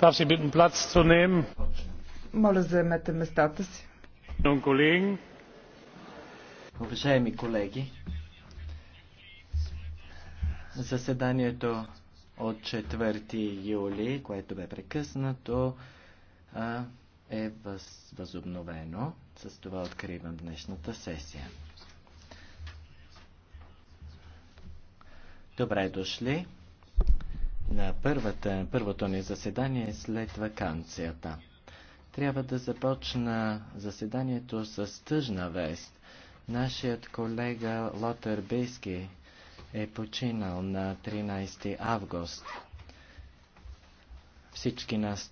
darf sie bitten platz zu nehmen. моля заемете местата си. Уважаеми колеги, заседанието от 4 юли, което бе прекъснато, е възобновено. С това откривам днешната сесия. Добре дошли! на първата, първото ни заседание е след вакансията. Трябва да започна заседанието с тъжна вест. Нашият колега Лотър Бейски е починал на 13 август. Всички нас